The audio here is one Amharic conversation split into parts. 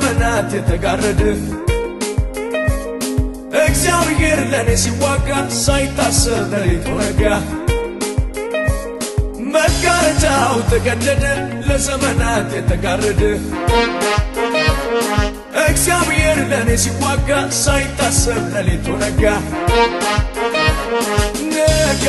ዘመናት የተጋረድህ እግዚአብሔር ለእኔ ሲዋጋ ሳይታሰብ ለሊቱ ነጋ። መጋረጃው ተቀደደ ለዘመናት የተጋረድህ እግዚአብሔር ለእኔ ሲዋጋ ሳይታሰብ ለሊቱ ነጋ ነጋ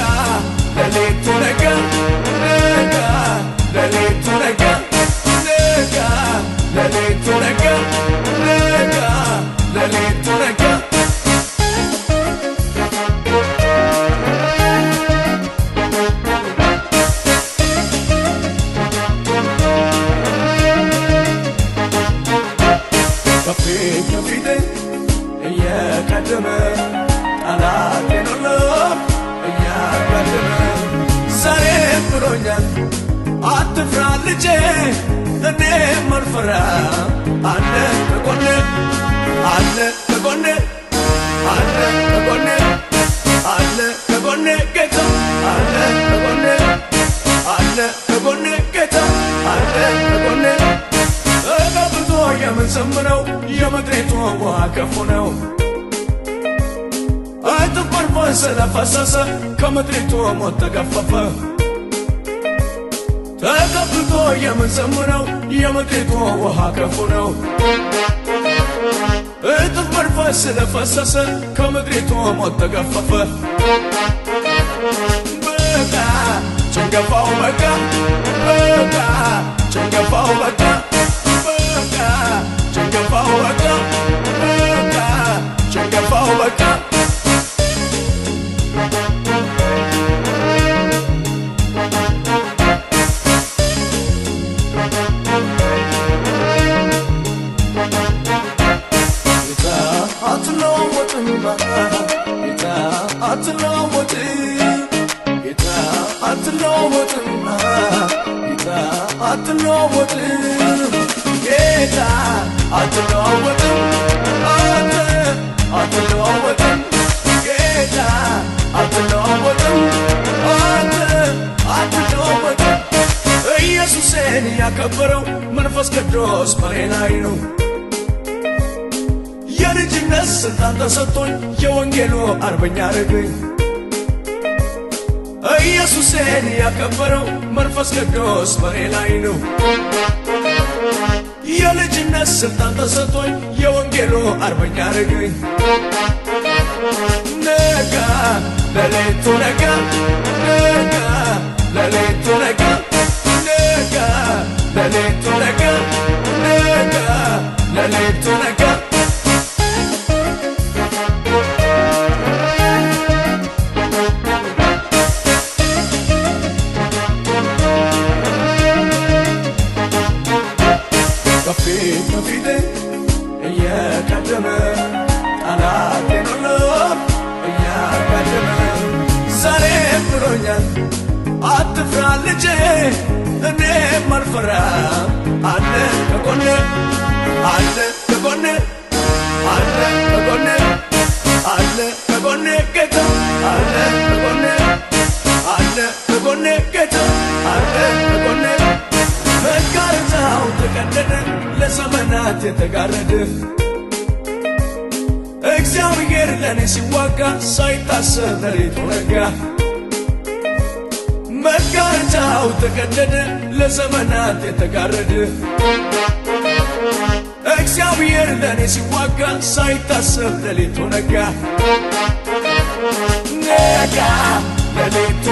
ልጄ እኔ መርፈራ አለ ከጎኔ አለ ከጎኔ አለ ከጎኔ አለ ከጎኔ ጌታ አለ ከጎኔ አለ ከጎኔ ጌታ አለ ከጎኔ እገብቶ የምንዘምረው የመድሬቱ ውሃ ከፉ ነው አትቆርፎ ስለፈሰሰ ከመድሬቱ ሞት ተገፈፈ ተቀብቶ የምንዘምረው የምክኮ ውሃ ከፉ ነው። እጥፍ መንፈስ ስለፈሰሰ ከምድሪቱ ሞት ተገፈፈ። በቃ ጭንገፋው በቃ በቃ ጭንገፋው በቃ ጌታ አትለወጥም ጌታ አትለወጥም ጌታ አትለወጥም ጌታ ኢየሱስን ያከበረው መንፈስ ቅዱስ በእኔ ላይ ነው የልጅነት ስልጣን ተሰጥቶኝ የወንጌሉ አርበኛ አረገኝ ኢየሱስን ያከበረው መንፈስ ቅዱስ በኔ ላይ ነው። የልጅነት ስልጣን ተሰጥቶኝ የወንጌሉ አርበኛ አረገኝ። ነጋ ለሌቱ ነጋ ነጋ ለሌቱ ነጋ ከፊት ከፊቴ እየቀደመ ጠላቴን ሁሉ እያጋደመ ዛሬ ብሎኛል አትፍራ ልጄ እኔ አልፈራም አለ ከጎኔ አለ ከጎኔ ጠላት የተጋረደ እግዚአብሔር ለኔ ሲዋጋ ሳይታሰብ ሌሊቱ ነጋ። መጋረጃው ተቀደደ ለዘመናት የተጋረደ እግዚአብሔር ለኔ ሲዋጋ ሳይታሰብ ሌሊቱ ነጋ ነጋ ሌሊቱ